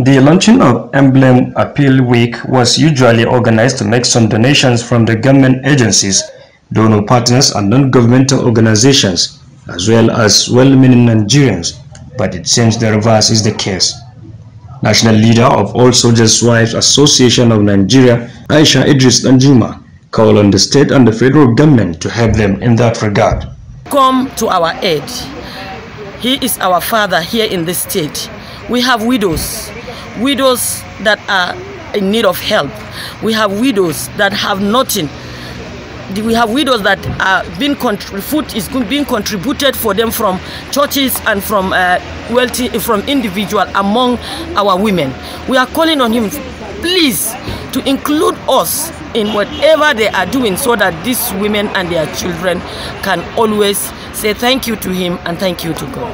The launching of Emblem Appeal Week was usually organized to make some donations from the government agencies, donor partners and non-governmental organizations, as well as well-meaning Nigerians, but it seems the reverse is the case. National leader of All Soldiers' Wives Association of Nigeria, Aisha Idris Anjuma, called on the state and the federal government to help them in that regard. Come to our aid. He is our father here in this state. We have widows widows that are in need of help. We have widows that have nothing. We have widows that are being food is being contributed for them from churches and from uh, wealthy from individual among our women. We are calling on him, please, to include us in whatever they are doing, so that these women and their children can always say thank you to him and thank you to God.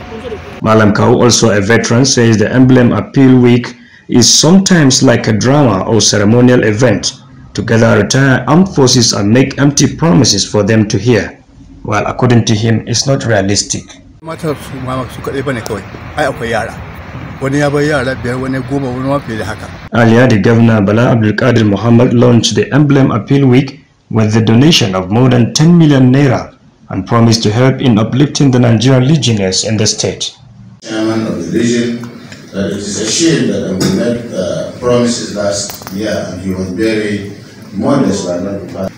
Malam Kau, also a veteran, says the emblem appeal week is sometimes like a drama or ceremonial event to gather retired armed forces and make empty promises for them to hear, while according to him, it's not realistic. Earlier, the governor Bala Abdulkadir Muhammad launched the Emblem Appeal Week with the donation of more than 10 million naira and promised to help in uplifting the Nigerian legionnaires in the state. Chairman of the Legion, that uh, it is a shame that we made uh, promises last year and he was very modest by not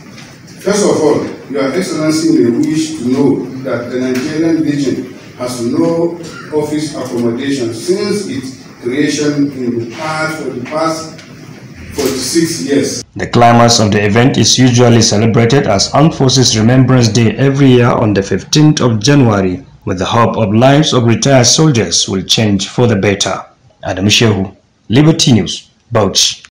First of all, Your Excellency may wish to know that the Nigerian Legion has no office accommodation since its creation in the past, for the past 46 years. The climax of the event is usually celebrated as Armed Forces Remembrance Day every year on the 15th of January with the hope of lives of retired soldiers will change for the better. Adam Shehu, Liberty News, Bauchi.